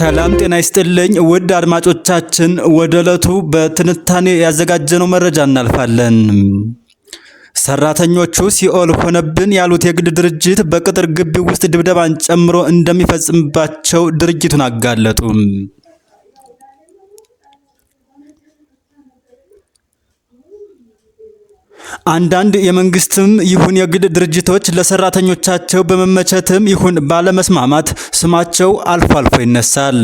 ሰላም ጤና ይስጥልኝ ውድ አድማጮቻችን፣ ወደ ዕለቱ በትንታኔ ያዘጋጀነው መረጃ እናልፋለን። ሰራተኞቹ ሲኦል ሆነብን ያሉት የግል ድርጅት በቅጥር ግቢ ውስጥ ድብደባን ጨምሮ እንደሚፈጽምባቸው ድርጅቱን አጋለጡ። አንዳንድ የመንግስትም ይሁን የግል ድርጅቶች ለሰራተኞቻቸው በመመቸትም ይሁን ባለመስማማት ስማቸው አልፎ አልፎ ይነሳል።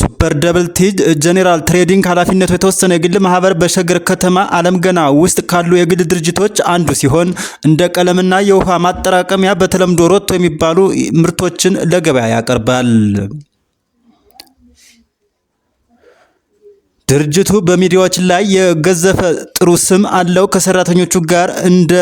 ሱፐር ደብል ቲጅ ጄኔራል ትሬዲንግ ኃላፊነቱ የተወሰነ የግል ማህበር በሸገር ከተማ አለም ገና ውስጥ ካሉ የግል ድርጅቶች አንዱ ሲሆን እንደ ቀለምና የውሃ ማጠራቀሚያ በተለምዶ ሮቶ የሚባሉ ምርቶችን ለገበያ ያቀርባል። ድርጅቱ በሚዲያዎች ላይ የገዘፈ ጥሩ ስም አለው። ከሰራተኞቹ ጋር እንደ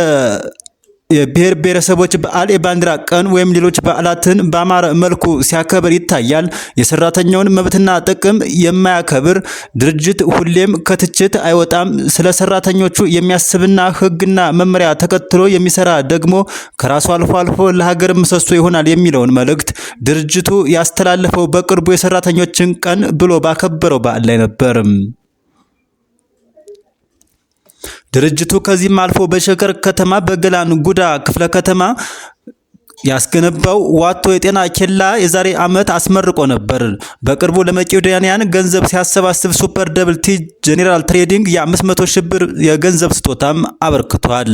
የብሔር ብሔረሰቦች በዓል የባንዲራ ቀን ወይም ሌሎች በዓላትን በአማረ መልኩ ሲያከብር ይታያል። የሰራተኛውን መብትና ጥቅም የማያከብር ድርጅት ሁሌም ከትችት አይወጣም። ስለ ሰራተኞቹ የሚያስብና ሕግና መመሪያ ተከትሎ የሚሰራ ደግሞ ከራሱ አልፎ አልፎ ለሀገር ምሰሶ ይሆናል የሚለውን መልእክት ድርጅቱ ያስተላለፈው በቅርቡ የሰራተኞችን ቀን ብሎ ባከበረው በዓል ላይ ነበር። ድርጅቱ ከዚህም አልፎ በሸገር ከተማ በገላን ጉዳ ክፍለ ከተማ ያስገነባው ዋቶ የጤና ኬላ የዛሬ ዓመት አስመርቆ ነበር። በቅርቡ ለመቄዶንያን ገንዘብ ሲያሰባስብ ሱፐር ደብል ቲ ጄኔራል ትሬዲንግ የ500 ሺህ ብር የገንዘብ ስጦታም አበርክቷል።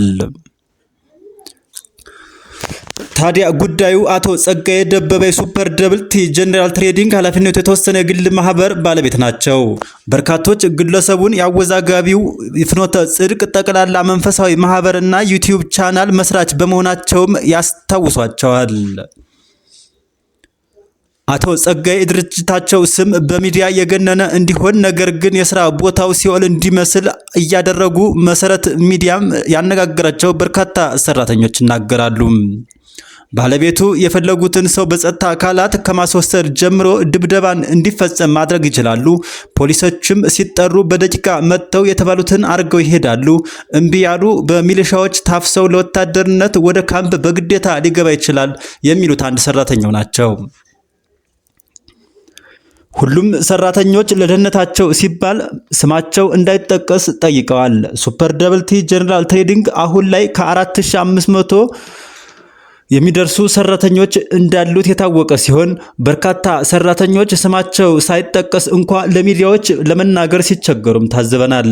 ታዲያ ጉዳዩ አቶ ጸጋዬ ደበበ የሱፐር ደብልቲ ጀኔራል ትሬዲንግ ኃላፊነቱ የተወሰነ የግል ማህበር ባለቤት ናቸው። በርካቶች ግለሰቡን የአወዛጋቢው ፍኖተ ጽድቅ ጠቅላላ መንፈሳዊ ማህበር እና ዩቲዩብ ቻናል መስራች በመሆናቸውም ያስታውሷቸዋል። አቶ ጸጋዬ የድርጅታቸው ስም በሚዲያ የገነነ እንዲሆን ነገር ግን የስራ ቦታው ሲኦል እንዲመስል እያደረጉ መሰረት ሚዲያም ያነጋገራቸው በርካታ ሰራተኞች ይናገራሉ። ባለቤቱ የፈለጉትን ሰው በጸጥታ አካላት ከማስወሰድ ጀምሮ ድብደባን እንዲፈጸም ማድረግ ይችላሉ። ፖሊሶችም ሲጠሩ በደቂቃ መጥተው የተባሉትን አድርገው ይሄዳሉ። እምቢ ያሉ በሚሊሻዎች ታፍሰው ለወታደርነት ወደ ካምፕ በግዴታ ሊገባ ይችላል የሚሉት አንድ ሰራተኛው ናቸው። ሁሉም ሰራተኞች ለደህንነታቸው ሲባል ስማቸው እንዳይጠቀስ ጠይቀዋል። ሱፐር ደብልቲ ጀኔራል ትሬዲንግ አሁን ላይ ከ4500 የሚደርሱ ሰራተኞች እንዳሉት የታወቀ ሲሆን በርካታ ሰራተኞች ስማቸው ሳይጠቀስ እንኳ ለሚዲያዎች ለመናገር ሲቸገሩም ታዝበናል።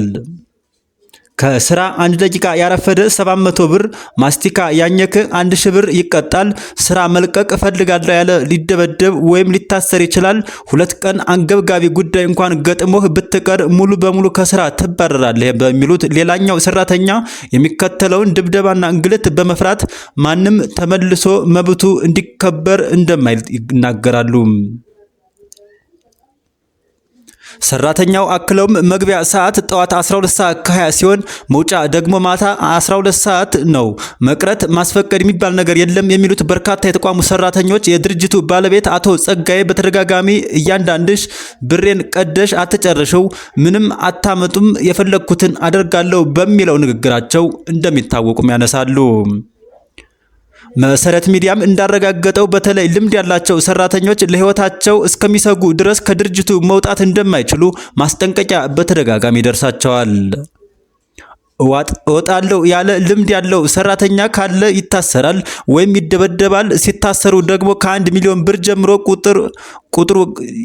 ከስራ አንድ ደቂቃ ያረፈደ 700 ብር፣ ማስቲካ ያኘከ አንድ ሺህ ብር ይቀጣል። ስራ መልቀቅ እፈልጋለሁ ያለ ሊደበደብ ወይም ሊታሰር ይችላል። ሁለት ቀን አንገብጋቢ ጉዳይ እንኳን ገጥሞህ ብትቀር ሙሉ በሙሉ ከስራ ትባረራለህ በሚሉት ሌላኛው ሰራተኛ የሚከተለውን ድብደባና እንግልት በመፍራት ማንም ተመልሶ መብቱ እንዲከበር እንደማይል ይናገራሉ። ሰራተኛው አክለውም መግቢያ ሰዓት ጠዋት 12 ሰዓት ከ20 ሲሆን መውጫ ደግሞ ማታ 12 ሰዓት ነው። መቅረት ማስፈቀድ የሚባል ነገር የለም የሚሉት በርካታ የተቋሙ ሰራተኞች የድርጅቱ ባለቤት አቶ ጸጋዬ በተደጋጋሚ እያንዳንድሽ ብሬን ቀደሽ አትጨርሽው፣ ምንም አታመጡም፣ የፈለግኩትን አደርጋለሁ በሚለው ንግግራቸው እንደሚታወቁም ያነሳሉ። መሰረት ሚዲያም እንዳረጋገጠው በተለይ ልምድ ያላቸው ሰራተኞች ለህይወታቸው እስከሚሰጉ ድረስ ከድርጅቱ መውጣት እንደማይችሉ ማስጠንቀቂያ በተደጋጋሚ ይደርሳቸዋል። እወጣለሁ ያለ ልምድ ያለው ሰራተኛ ካለ ይታሰራል ወይም ይደበደባል። ሲታሰሩ ደግሞ ከአንድ ሚሊዮን ብር ጀምሮ ቁጥር ቁጥሩ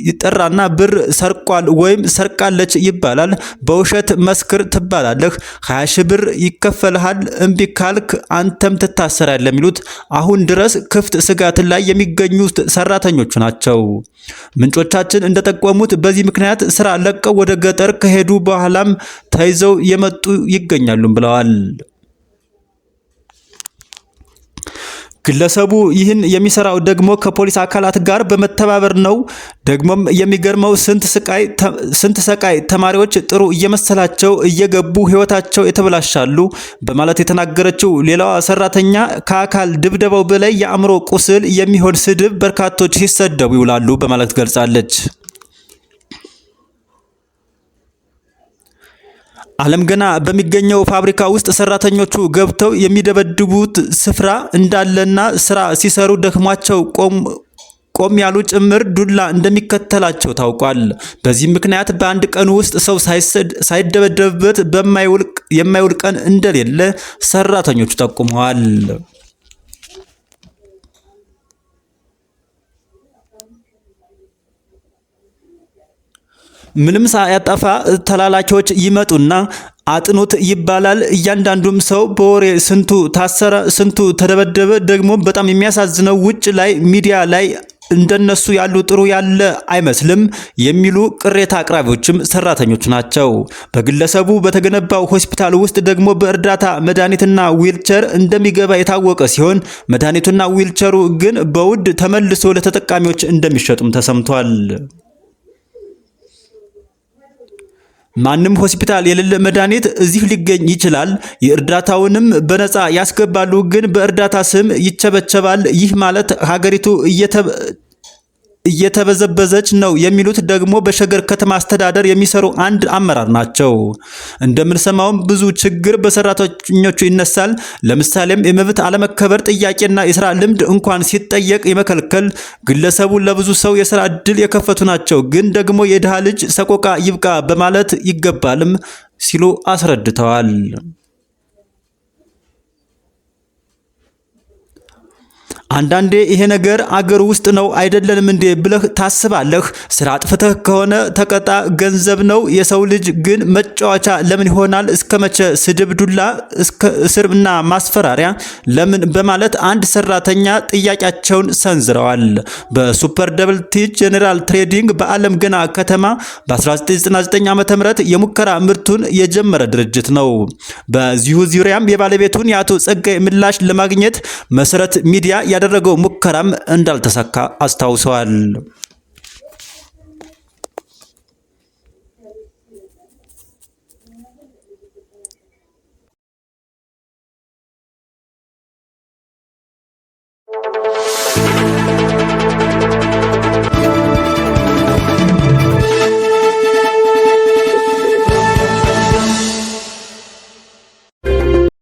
ይጠራና ብር ሰርቋል ወይም ሰርቃለች ይባላል። በውሸት መስክር ትባላለህ፣ ሀያ ሺህ ብር ይከፈልሃል። እምቢ ካልክ አንተም ትታሰራለህ የሚሉት አሁን ድረስ ክፍት ስጋት ላይ የሚገኙ ሰራተኞቹ ናቸው። ምንጮቻችን እንደጠቆሙት በዚህ ምክንያት ስራ ለቀው ወደ ገጠር ከሄዱ በኋላም ተይዘው የመጡ ይገኛሉም ብለዋል። ግለሰቡ ይህን የሚሰራው ደግሞ ከፖሊስ አካላት ጋር በመተባበር ነው። ደግሞም የሚገርመው ስንት ሰቃይ ተማሪዎች ጥሩ እየመሰላቸው እየገቡ ህይወታቸው የተበላሻሉ በማለት የተናገረችው ሌላዋ ሰራተኛ ከአካል ድብደባው በላይ የአእምሮ ቁስል የሚሆን ስድብ በርካቶች ሲሰደቡ ይውላሉ በማለት ገልጻለች። አለም ገና በሚገኘው ፋብሪካ ውስጥ ሰራተኞቹ ገብተው የሚደበድቡት ስፍራ እንዳለና ስራ ሲሰሩ ደክሟቸው ቆም ቆም ያሉ ጭምር ዱላ እንደሚከተላቸው ታውቋል። በዚህ ምክንያት በአንድ ቀን ውስጥ ሰው ሳይደበደብበት የማይውል ቀን እንደሌለ ሰራተኞቹ ጠቁመዋል። ምንም ሳያጠፋ ተላላኪዎች ይመጡና አጥኑት ይባላል። እያንዳንዱም ሰው በወሬ ስንቱ ታሰረ፣ ስንቱ ተደበደበ። ደግሞ በጣም የሚያሳዝነው ውጭ ላይ ሚዲያ ላይ እንደነሱ ያሉ ጥሩ ያለ አይመስልም የሚሉ ቅሬታ አቅራቢዎችም ሰራተኞች ናቸው። በግለሰቡ በተገነባው ሆስፒታል ውስጥ ደግሞ በእርዳታ መድኃኒትና ዊልቸር እንደሚገባ የታወቀ ሲሆን መድኃኒቱና ዊልቸሩ ግን በውድ ተመልሶ ለተጠቃሚዎች እንደሚሸጡም ተሰምቷል። ማንም ሆስፒታል የሌለ መድኃኒት እዚህ ሊገኝ ይችላል። የእርዳታውንም በነፃ ያስገባሉ፣ ግን በእርዳታ ስም ይቸበቸባል። ይህ ማለት ሀገሪቱ እየተ እየተበዘበዘች ነው የሚሉት ደግሞ በሸገር ከተማ አስተዳደር የሚሰሩ አንድ አመራር ናቸው። እንደምንሰማውም ብዙ ችግር በሰራተኞቹ ይነሳል። ለምሳሌም የመብት አለመከበር ጥያቄና የስራ ልምድ እንኳን ሲጠየቅ የመከልከል ግለሰቡ ለብዙ ሰው የስራ እድል የከፈቱ ናቸው። ግን ደግሞ የድሃ ልጅ ሰቆቃ ይብቃ በማለት ይገባልም ሲሉ አስረድተዋል። አንዳንዴ ይሄ ነገር አገር ውስጥ ነው አይደለንም እንዴ ብለህ ታስባለህ። ስራ አጥፍተህ ከሆነ ተቀጣ፣ ገንዘብ ነው። የሰው ልጅ ግን መጫወቻ ለምን ይሆናል? እስከ መቼ ስድብ፣ ዱላ፣ እስር እና ማስፈራሪያ ለምን? በማለት አንድ ሰራተኛ ጥያቄያቸውን ሰንዝረዋል። በሱፐር ደብል ቲ ጄኔራል ትሬዲንግ በአለም ገና ከተማ በ1999 ዓ ም የሙከራ ምርቱን የጀመረ ድርጅት ነው። በዚሁ ዙሪያም የባለቤቱን የአቶ ጸጋይ ምላሽ ለማግኘት መሰረት ሚዲያ ያደረገው ሙከራም እንዳልተሳካ አስታውሰዋል። Thank you.